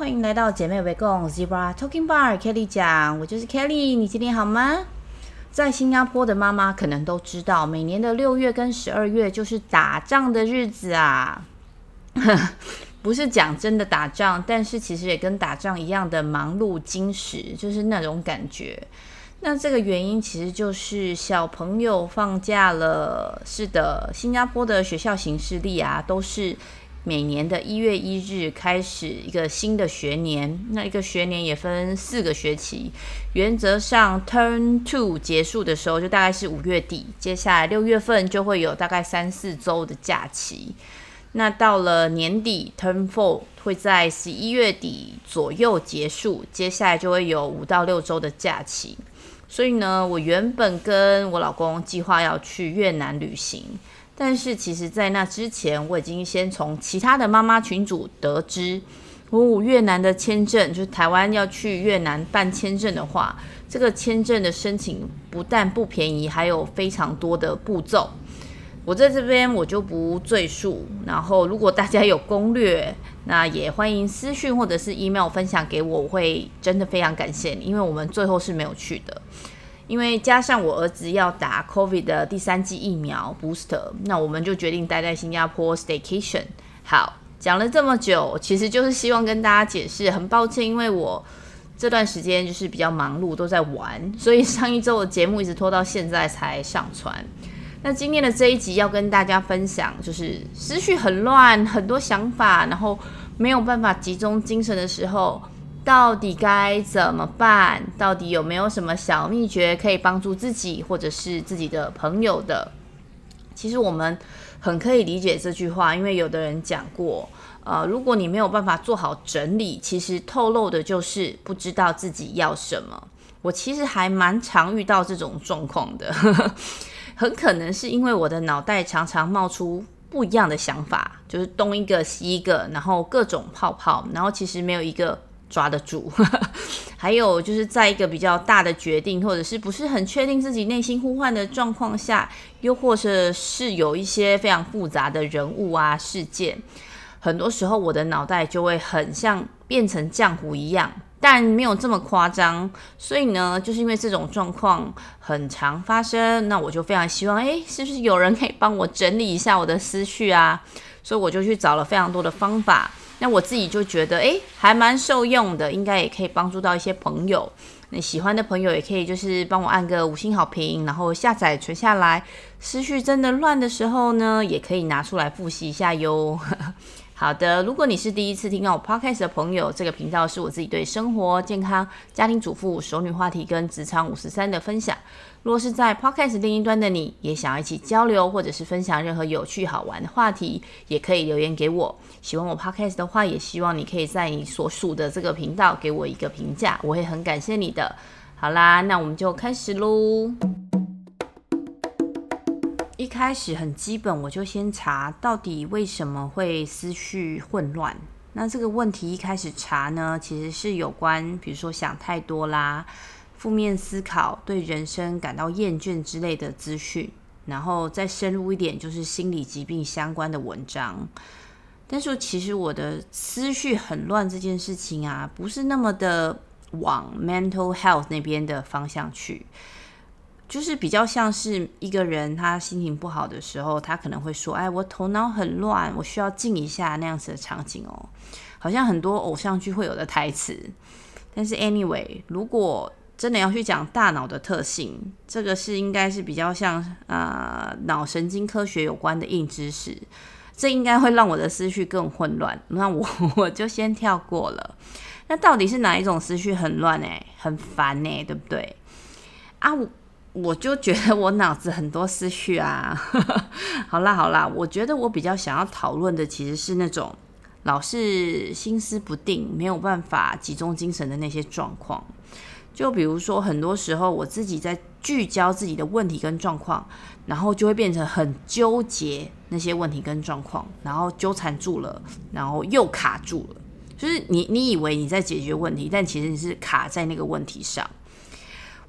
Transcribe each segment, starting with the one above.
歡迎來到姐妹圍工 Zebra Talking Bar。Kelly 講，我就是 Kelly。你今天好嗎？在新加坡的媽媽可能都知道，每年的六月跟十二月就是打仗的日子啊。 不是講真的打仗，但是其實也跟打仗一樣的忙碌、精實，就是那種感覺。那這個原因其實就是小朋友放假了。是的，新加坡的學校行事曆啊，都是。每年的一月一日開始一個新的學年，那一個學年也分四個學期。原則上，Turn Two 結束的時候就大概是五月底，接下來六月份就會有大概三四周的假期。那到了年底，Turn Four 會在十一月底左右結束，接下來就會有五到六周的假期。所以呢，我原本跟我老公計劃要去越南旅行。但是其實，在那之前，我已經先從其他的媽媽群組得知，如果越南的簽證，就是台灣要去越南辦簽證的話，這個簽證的申請不但不便宜，還有非常多的步驟。我在這邊我就不贅述。然後，如果大家有攻略，那也歡迎私訊或者是 email 分享給我，我會真的非常感謝你，因為我們最後是沒有去的。因為加上我兒子要打 COVID 的第三劑疫苗 booster，那我們就決定待在新加坡 staycation。好，講了這麼久，其實就是希望跟大家解釋，很抱歉，因為我這段時間就是比較忙碌，都在玩，所以上一周的節目一直拖到現在才上傳。那今天的這一集要跟大家分享，就是思緒很亂，很多想法，然後沒有辦法集中精神的時候。到底該怎麼辦？到底有沒有什麼小祕訣可以幫助自己或者是自己的朋友的？其實我們很可以理解這句話，因為有的人講過，呃，如果你沒有辦法做好整理，其實透露的就是不知道自己要什麼。我其實還蠻常遇到這種狀況的， 很可能是因為我的腦袋常常冒出不一樣的想法，就是東一個西一個，然後各種泡泡，然後其實沒有一個。抓得住呵呵。還有就是在一個比較大的決定或者是不是很確定自己內心呼喚的狀況下，又或者是有一些非常複雜的人物啊、事件，很多時候我的腦袋就會很像變成漿糊一樣，但沒有這麼誇張。所以呢，就是因為這種狀況很常發生，那我就非常希望，誒、欸，是不是有人可以幫我整理一下我的思緒啊？所以我就去找了非常多的方法。那我自己就覺得，誒，還蠻受用的，應該也可以幫助到一些朋友。那喜歡的朋友也可以就是幫我按個五星好評，然後下載存下來。思緒真的亂的時候呢，也可以拿出來復習一下喲。 好的，如果你是第一次聽到我 podcast 的朋友，這個頻道是我自己對生活、健康、家庭主婦、熟女話題跟職場五十三的分享。如果是在 podcast 另一端的你，也想要一起交流或者是分享任何有趣好玩的話題，也可以留言給我。喜歡我 podcast 的話，也希望你可以在你所屬的這個頻道給我一個評價，我會很感謝你的。好啦，那我們就開始嘍。一開始很基本，我就先查到底為什麼會思緒混亂。那這個問題一開始查呢，其實是有關，比如說想太多啦、負面思考、對人生感到厭倦之類的資訊。然後再深入一點，就是心理疾病相關的文章。但是其實我的思緒很亂這件事情啊，不是那麼的往 mental health 那邊的方向去。就是比較像是一個人他心情不好的時候，他可能會說：“哎，我頭腦很亂，我需要靜一下。”那樣子的場景哦，好像很多偶像劇會有的台詞。但是 anyway，如果真的要去講大腦的特性，這個是應該是比較像，呃，腦神經科學有關的硬知識。這應該會讓我的思緒更混亂。那我我就先跳過了。那到底是哪一種思緒很亂呢、欸？很煩呢、欸，對不對？啊我。我就覺得我腦子很多思緒啊， 好啦好啦，我覺得我比較想要討論的其實是那種老是心思不定、沒有辦法集中精神的那些狀況。就比如說，很多時候我自己在聚焦自己的問題跟狀況，然後就會變成很糾結那些問題跟狀況，然後糾纏住了，然後又卡住了。就是你你以為你在解決問題，但其實你是卡在那個問題上。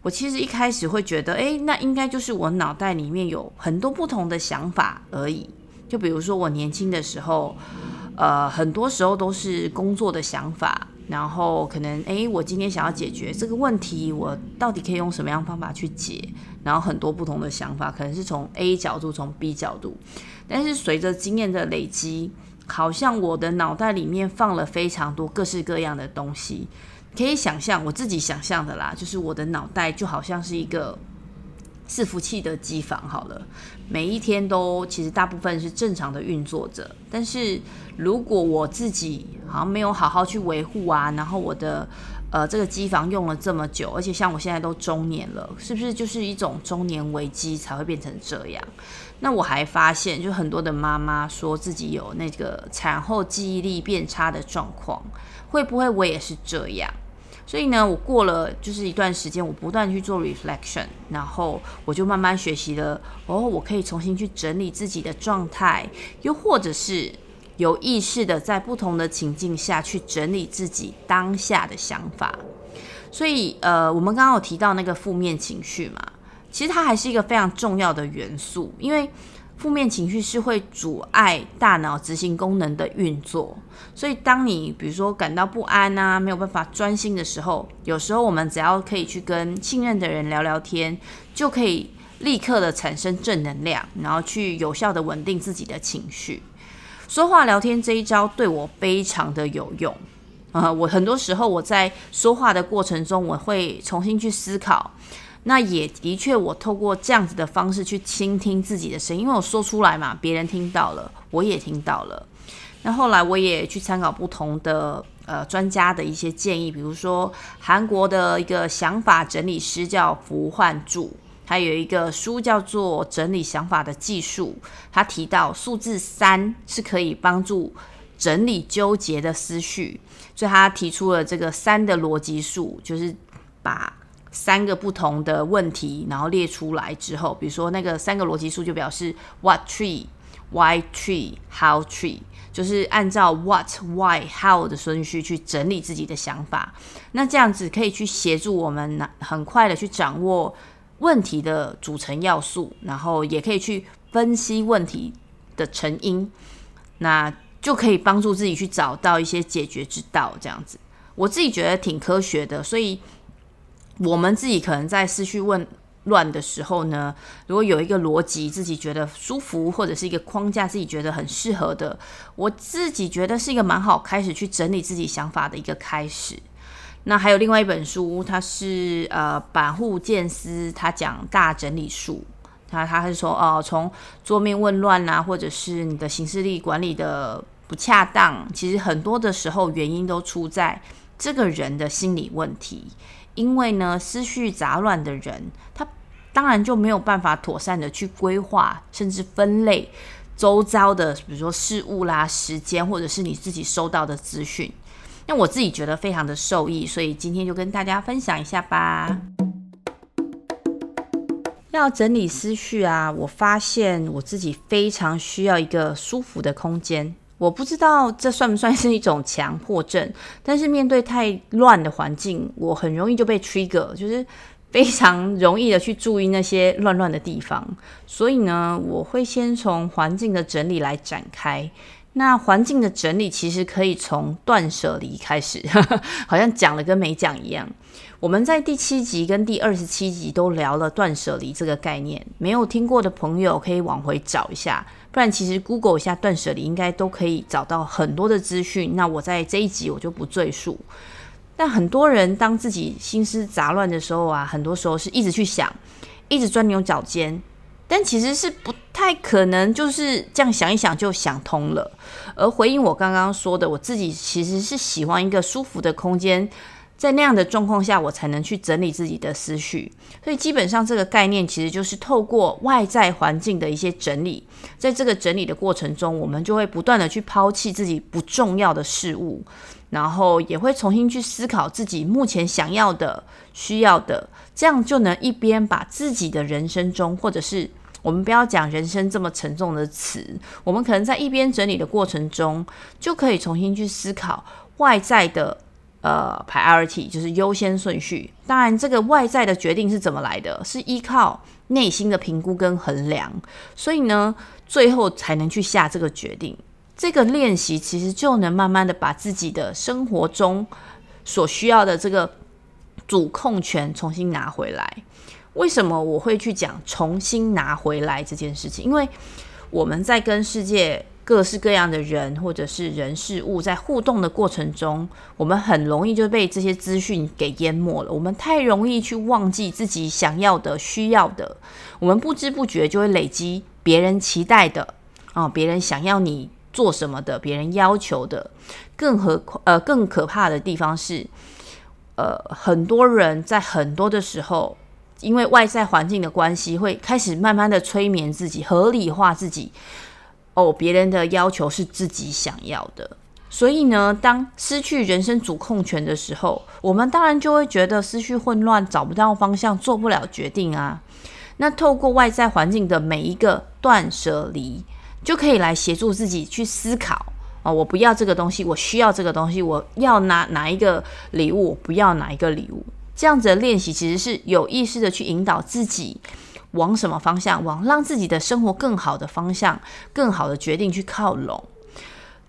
我其實一開始會覺得，誒，那應該就是我腦袋裡面有很多不同的想法而已。就比如說我年輕的時候，呃，很多時候都是工作的想法，然後可能，誒，我今天想要解決這個問題，我到底可以用什麼樣的方法去解？然後很多不同的想法，可能是從 A 角度，從 B 角度。但是隨着經驗的累積，好像我的腦袋裡面放了非常多各式各樣的東西。可以想象，我自己想象的啦，就是我的腦袋就好像是一個伺服器的機房好了，每一天都其實大部分是正常的運作着。但是如果我自己好像沒有好好去維護啊，然後我的呃這個機房用了這麼久，而且像我現在都中年了，是不是就是一種中年危機才會變成這樣？那我還發現，就很多的媽媽說自己有那個產後記憶力變差的狀況，會不會我也是這樣？所以呢，我過了就是一段時間，我不斷去做 reflection，然後我就慢慢學習了，哦，我可以重新去整理自己的狀態，又或者是有意識的在不同的情境下去整理自己當下的想法。所以，呃，我們剛剛有提到那個負面情緒嘛，其實它還是一個非常重要的元素，因為，負面情緒是會阻礙大腦執行功能的運作，所以當你比如說感到不安啊，沒有辦法專心的時候，有時候我們只要可以去跟信任的人聊聊天，就可以立刻的產生正能量，然後去有效的穩定自己的情緒。說話聊天這一招對我非常的有用啊，呃，我很多時候我在說話的過程中，我會重新去思考。那也的確，我透過這樣子的方式去傾聽自己的聲音，因為我說出來嘛，別人聽到了，我也聽到了。那後來我也去參考不同的呃專家的一些建議，比如說韓國的一個想法整理師叫福煥柱，他有一個書叫做《整理想法的技術》，他提到數字三是可以幫助整理糾結的思緒，所以他提出了這個三的邏輯數，就是把。三個不同的問題，然後列出來之後，比如說那個三個邏輯樹就表示 what tree, why tree, how tree，就是按照 what, why, how 的順序去整理自己的想法。那這樣子可以去協助我們很快的去掌握問題的組成要素，然後也可以去分析問題的成因，那就可以幫助自己去找到一些解決之道。這樣子，我自己覺得挺科學的，所以。我們自己可能在思緒混亂的時候呢，如果有一個邏輯自己覺得舒服，或者是一個框架自己覺得很適合的，我自己覺得是一個蠻好開始去整理自己想法的一個開始。那還有另外一本書，它是呃板護建思，他講大整理術，他他是說哦，從桌面混亂啊，或者是你的行事曆管理的不恰當，其實很多的時候原因都出在這個人的心理問題。因為呢，思緒雜亂的人，他當然就沒有辦法妥善地去規劃，甚至分類周遭的，比如說事物啦、時間，或者是你自己收到的資訊。那我自己覺得非常的受益，所以今天就跟大家分享一下吧。要整理思緒啊，我發現我自己非常需要一個舒服的空間。我不知道這算不算是一種強迫症，但是面對太亂的環境，我很容易就被 trigger，就是非常容易的去注意那些亂亂的地方。所以呢，我會先從環境的整理來展開。那環境的整理其實可以從斷舍離開始， 好像講了跟沒講一樣。我們在第七集跟第二十七集都聊了斷舍離這個概念，沒有聽過的朋友可以往回找一下，不然其實 Google 一下斷舍離應該都可以找到很多的資訊。那我在這一集我就不贅述。但很多人當自己心思雜亂的時候啊，很多時候是一直去想，一直鑽牛角尖。但其實是不太可能，就是這樣想一想就想通了。而回應我剛剛說的，我自己其實是喜歡一個舒服的空間，在那樣的狀況下，我才能去整理自己的思緒。所以基本上這個概念其實就是透過外在環境的一些整理，在這個整理的過程中，我們就會不斷的去拋棄自己不重要的事物，然後也會重新去思考自己目前想要的、需要的，這樣就能一邊把自己的人生中或者是我們不要講人生這麼沉重的詞，我們可能在一邊整理的過程中，就可以重新去思考外在的呃 priority，就是優先順序。當然，這個外在的決定是怎麼來的？是依靠內心的評估跟衡量，所以呢，最後才能去下這個決定。這個練習其實就能慢慢的把自己的生活中所需要的這個主控權重新拿回來。為什麼我會去講重新拿回來這件事情？因為我們在跟世界各式各樣的人或者是人事物在互動的過程中，我們很容易就被這些資訊給淹沒了。我們太容易去忘記自己想要的、需要的，我們不知不覺就會累積別人期待的啊、呃，別人想要你做什麼的，別人要求的。更何況，呃，更可怕的地方是，呃，很多人在很多的時候。因為外在環境的關係，會開始慢慢的催眠自己，合理化自己。哦，別人的要求是自己想要的。所以呢，當失去人生主控權的時候，我們當然就會覺得思緒混亂，找不到方向，做不了決定啊。那透過外在環境的每一個斷捨離，就可以來協助自己去思考。哦，我不要這個東西，我需要這個東西，我要哪哪一個禮物，我不要哪一個禮物。這樣子的練習，其實是有意識的去引導自己往什麼方向，往讓自己的生活更好的方向、更好的決定去靠攏。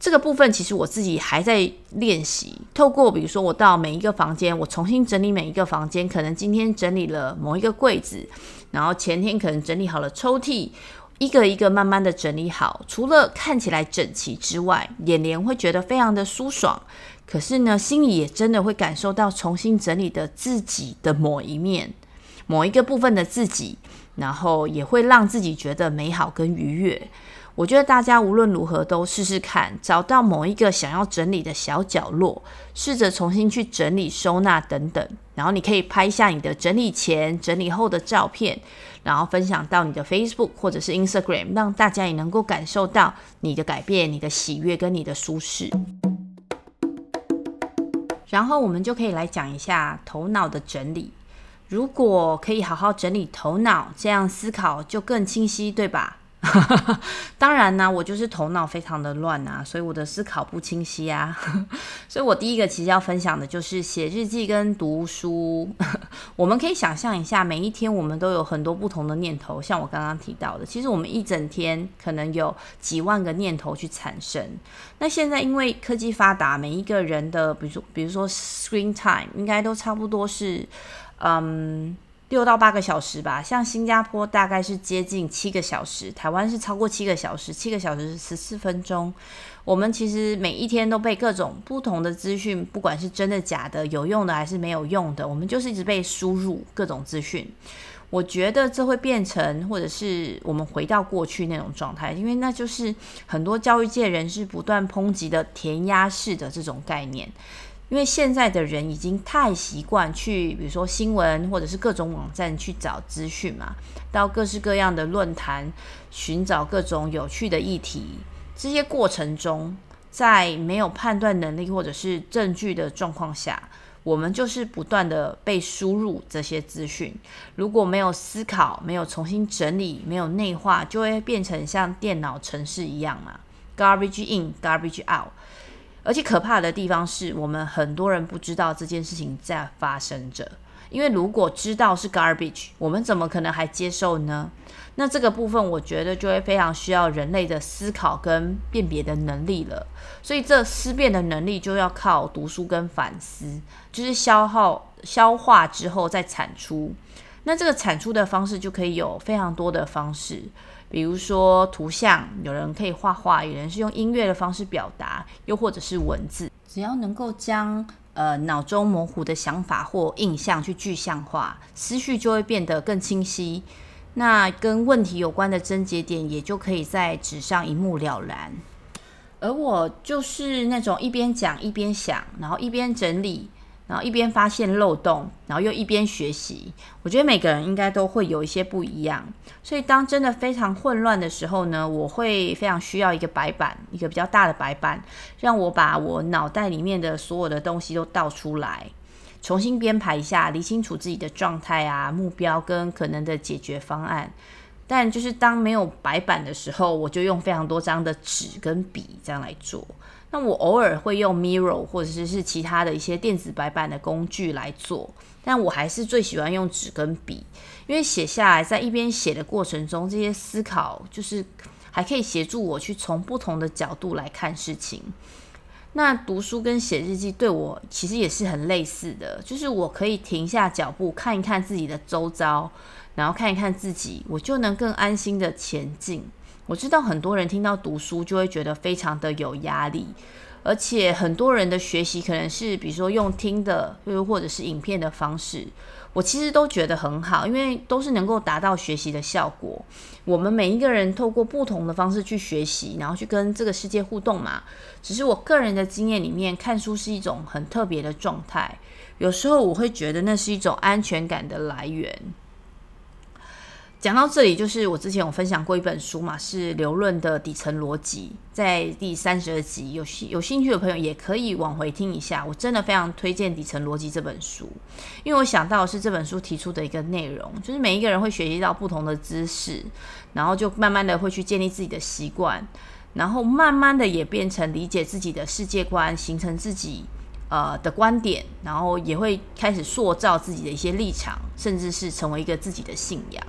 這個部分其實我自己還在練習。透過比如說，我到每一個房間，我重新整理每一個房間。可能今天整理了某一個櫃子，然後前天可能整理好了抽屜，一個一個慢慢的整理好。除了看起來整齊之外，眼簾會覺得非常的舒爽。可是呢，心裡也真的會感受到重新整理的自己的某一面，某一個部分的自己，然後也會讓自己覺得美好跟愉悅。我覺得大家無論如何都試試看，找到某一個想要整理的小角落，試着重新去整理收納等等。然後你可以拍下你的整理前、整理後的照片，然後分享到你的 Facebook 或者是 Instagram，讓大家也能夠感受到你的改變、你的喜悅跟你的舒適。然後我們就可以來講一下頭腦的整理。如果可以好好整理頭腦，這樣思考就更清晰，對吧？ 當然呢、啊，我就是頭腦非常的亂啊，所以我的思考不清晰啊。 所以我第一個其實要分享的就是寫日記跟讀書。 我們可以想象一下，每一天我們都有很多不同的念頭，像我剛剛提到的，其實我們一整天可能有幾萬個念頭去產生。那現在因為科技發達，每一個人的，比如比如說 screen time，應該都差不多是，嗯。六到八個小時吧，像新加坡大概是接近七個小時，台灣是超過七個小時，七個小時是十四分鐘。我們其實每一天都被各種不同的資訊，不管是真的假的、有用的還是沒有用的，我們就是一直被輸入各種資訊。我覺得這會變成，或者是我們回到過去那種狀態，因為那就是很多教育界人士不斷抨擊的填鴨式的這種概念。因為現在的人已經太習慣去，比如說新聞或者是各種網站去找資訊嘛，到各式各樣的論壇尋找各種有趣的議題。這些過程中，在沒有判斷能力或者是證據的狀況下，我們就是不斷的被輸入這些資訊。如果沒有思考、沒有重新整理、沒有內化，就會變成像電腦程式一樣嘛，garbage in, garbage out。而且可怕的地方是我們很多人不知道這件事情在發生着，因為如果知道是 garbage，我們怎麼可能還接受呢？那這個部分我覺得就會非常需要人類的思考跟辨別的能力了。所以這思辨的能力就要靠讀書跟反思，就是消耗、消化之後再產出。那這個產出的方式就可以有非常多的方式。比如說圖像，有人可以畫畫，有人是用音樂的方式表達，又或者是文字。只要能夠將呃腦中模糊的想法或印象去具象化，思緒就會變得更清晰，那跟問題有關的症結點也就可以在紙上一目了然。而我就是那種一邊講一邊想，然後一邊整理。然後一邊發現漏洞，然後又一邊學習。我覺得每個人應該都會有一些不一樣。所以當真的非常混亂的時候呢，我會非常需要一個白板，一個比較大的白板，讓我把我腦袋裡面的所有的東西都倒出來，重新編排一下，理清楚自己的狀態啊、目標跟可能的解決方案。但就是當沒有白板的時候，我就用非常多張的紙跟筆這樣來做。那我偶爾會用 Miro 或者是是其他的一些電子白板的工具來做，但我還是最喜歡用紙跟筆，因為寫下來，在一邊寫的過程中，這些思考就是還可以協助我去從不同的角度來看事情。那讀書跟寫日記對我其實也是很類似的，就是我可以停下腳步，看一看自己的周遭，然後看一看自己，我就能更安心的前進。我知道很多人聽到讀書就會覺得非常的有壓力，而且很多人的學習可能是比如說用聽的，又或者是影片的方式，我其實都覺得很好，因為都是能夠達到學習的效果。我們每一個人透過不同的方式去學習，然後去跟這個世界互動嘛。只是我個人的經驗裡面，看書是一種很特別的狀態，有時候我會覺得那是一種安全感的來源。講到這裡，就是我之前有分享過一本書嘛，是《劉潤的底層邏輯》。在第三十二集，有興有興趣的朋友也可以往回聽一下。我真的非常推薦《底層邏輯》這本書，因為我想到的是這本書提出的一個內容，就是每一個人會學習到不同的知識，然後就慢慢的會去建立自己的習慣，然後慢慢的也變成理解自己的世界觀，形成自己呃的觀點，然後也會開始塑造自己的一些立場，甚至是成為一個自己的信仰。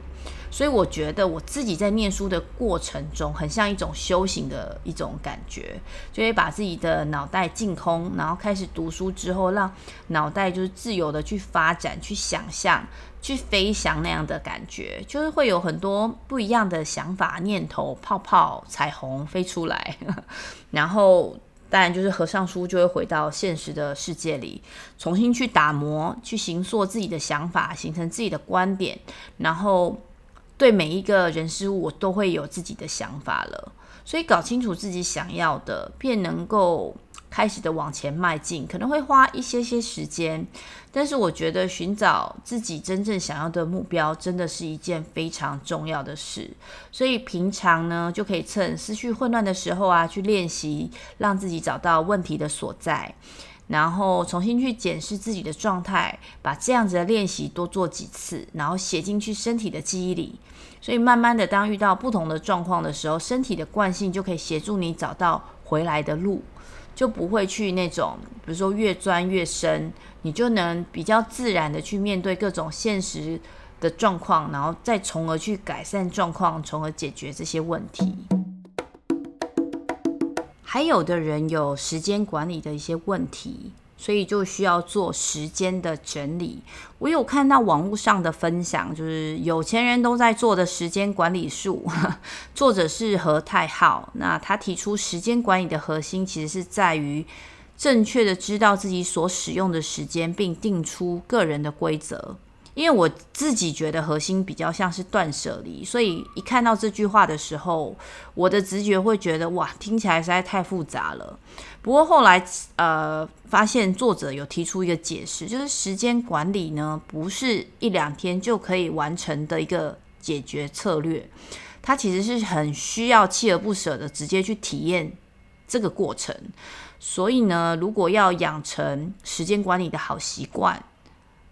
所以我覺得我自己在念書的過程中，很像一種修行的一種感覺，就會把自己的腦袋淨空，然後開始讀書之後，讓腦袋就是自由的去發展、去想象、去飛翔那樣的感覺，就是會有很多不一樣的想法、念頭、泡泡、彩虹飛出來。呵呵，然後當然就是合上書，就會回到現實的世界裡，重新去打磨、去形塑自己的想法，形成自己的觀點，然後，對每一個人事物，我都會有自己的想法了。所以搞清楚自己想要的，便能夠開始的往前邁進。可能會花一些些時間，但是我覺得尋找自己真正想要的目標，真的是一件非常重要的事。所以平常呢，就可以趁思緒混亂的時候啊，去練習讓自己找到問題的所在，然後重新去檢視自己的狀態，把這樣子的練習多做幾次，然後寫進去身體的記憶裡。所以慢慢的，當遇到不同的狀況的時候，身體的慣性就可以協助你找到回來的路，就不會去那種，比如說越鑽越深，你就能比較自然的去面對各種現實的狀況，然後再從而去改善狀況，從而解決這些問題。還有的人有時間管理的一些問題。所以就需要做時間的整理。我有看到網絡上的分享，就是有錢人都在做的時間管理術，作者是何太浩。那他提出時間管理的核心，其實是在於正確的知道自己所使用的時間，並定出個人的規則。因為我自己覺得核心比較像是斷捨離，所以一看到這句話的時候，我的直覺會覺得哇，聽起來實在太複雜了。不過後來呃，發現作者有提出一個解釋，就是時間管理呢，不是一兩天就可以完成的一個解決策略，它其實是很需要鍥而不捨的直接去體驗這個過程。所以呢，如果要養成時間管理的好習慣，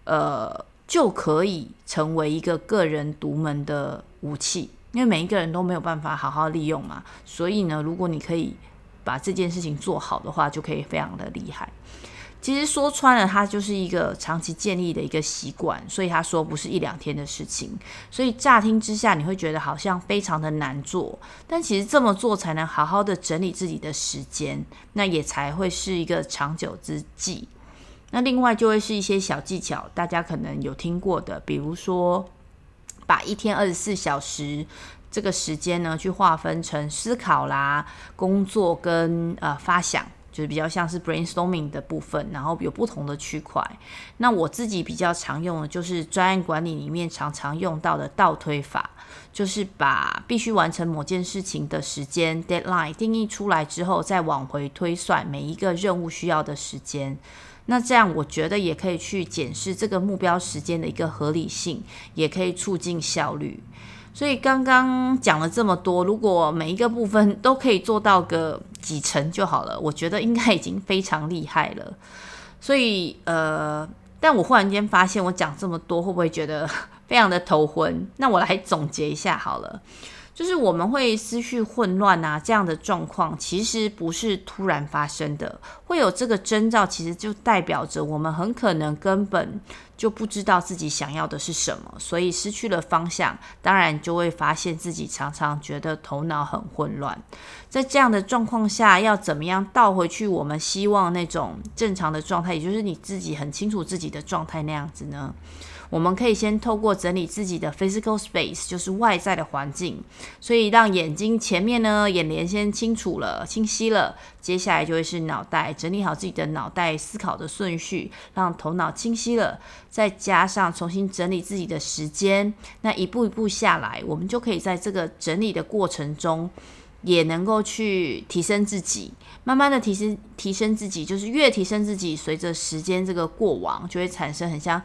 呃。就可以成為一個個人獨門的武器，因為每一個人都沒有辦法好好利用嘛。所以呢，如果你可以把這件事情做好的話，就可以非常的厲害。其實說穿了，它就是一個長期建立的一個習慣，所以他說不是一兩天的事情。所以乍聽之下，你會覺得好像非常的難做，但其實這麼做才能好好的整理自己的時間，那也才會是一個長久之計。那另外就會是一些小技巧，大家可能有聽過的，比如說把一天二十四小時這個時間呢，去劃分成思考啦、工作跟呃發想，就是比較像是 brainstorming 的部分，然後有不同的區塊。那我自己比較常用的，就是專案管理裡面常常用到的倒推法，就是把必須完成某件事情的時間 deadline 定義出來之後，再往回推算每一個任務需要的時間。那這樣我覺得也可以去檢視這個目標時間的一個合理性，也可以促進效率。所以剛剛講了這麼多，如果每一個部分都可以做到個幾成就好了，我覺得應該已經非常厲害了。所以呃，但我忽然間發現，我講這麼多會不會覺得非常的頭昏？那我來總結一下好了。就是我們會思緒混亂啊，這樣的狀況其實不是突然發生的，會有這個徵兆，其實就代表着我們很可能根本就不知道自己想要的是什麼，所以失去了方向，當然就會發現自己常常覺得頭腦很混亂。在這樣的狀況下，要怎麼樣倒回去？我們希望那種正常的狀態，也就是你自己很清楚自己的狀態那樣子呢？我們可以先透過整理自己的 physical space，就是外在的環境，所以讓眼睛前面呢眼簾先清楚了、清晰了，接下來就會是腦袋整理好自己的腦袋思考的順序，讓頭腦清晰了，再加上重新整理自己的時間，那一步一步下來，我們就可以在這個整理的過程中，也能夠去提升自己，慢慢的提升、提升自己，就是越提升自己，隨着時間這個過往就會產生很像。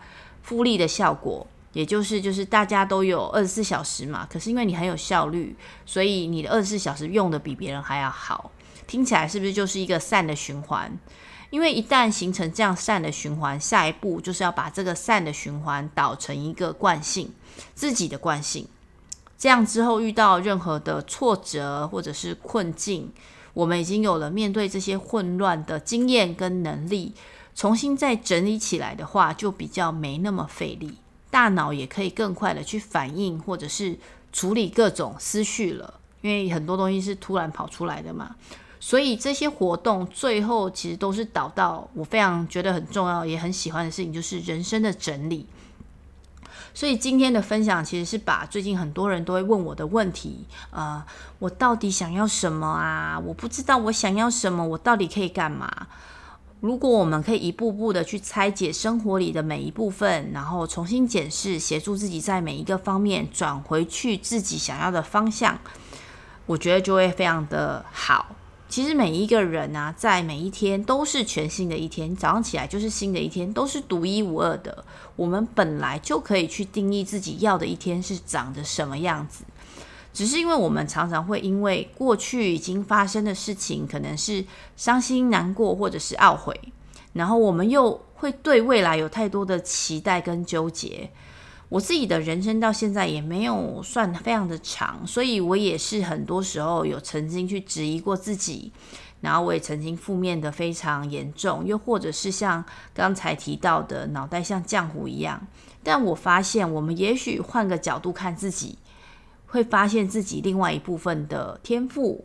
複利的效果，也就是就是大家都有二十四小時嘛，可是因為你很有效率，所以你的二十四小時用得比別人還要好。聽起來是不是就是一個善的循環？因為一旦形成這樣善的循環，下一步就是要把這個善的循環導成一個慣性，自己的慣性。這樣之後遇到任何的挫折或者是困境，我們已經有了面對這些混亂的經驗跟能力。重新再整理起來的話，就比較沒那麼費力，大腦也可以更快的去反應或者是處理各種思緒了。因為很多東西是突然跑出來的嘛，所以這些活動最後其實都是導到我非常覺得很重要，也很喜歡的事情，就是人生的整理。所以今天的分享其實是把最近很多人都會問我的問題，啊，呃，我到底想要什麼啊？我不知道我想要什麼，我到底可以幹嘛？如果我們可以一步步的去拆解生活裡的每一部分，然後重新檢視，協助自己在每一個方面轉回去自己想要的方向，我覺得就會非常的好。其實每一個人呢、啊，在每一天都是全新的一天，早上起來就是新的一天，都是獨一無二的。我們本來就可以去定義自己要的一天是長得什麼樣子。只是因為我們常常會因為過去已經發生的事情，可能是傷心、難過或者是懊悔，然後我們又會對未來有太多的期待跟糾結。我自己的人生到現在也沒有算非常的長，所以我也是很多時候有曾經去質疑過自己，然後我也曾經負面的非常嚴重，又或者是像剛才提到的腦袋像漿糊一樣。但我發現，我們也許換個角度看自己，會發現自己另外一部分的天賦，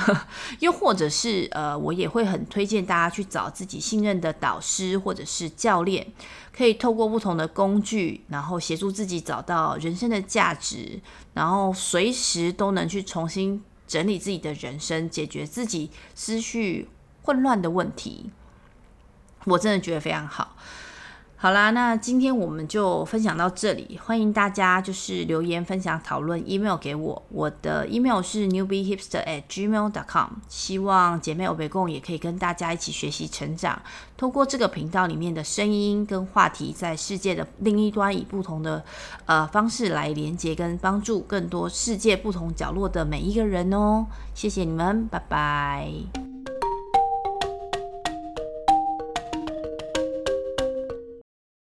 又或者是呃，我也會很推薦大家去找自己信任的導師或者是教練，可以透過不同的工具，然後協助自己找到人生的價值，然後隨時都能去重新整理自己的人生，解決自己思緒混亂的問題。我真的覺得非常好。好啦，那今天我們就分享到這裡。歡迎大家就是留言、分享、討論，email 給我，我的 email 是 newbiehipster at gmail dot com。希望姐妹歐北共也可以跟大家一起學習成長，通過這個頻道裡面的聲音跟話題，在世界的另一端，以不同的呃方式來連接跟幫助更多世界不同角落的每一個人哦。謝謝你們，拜拜。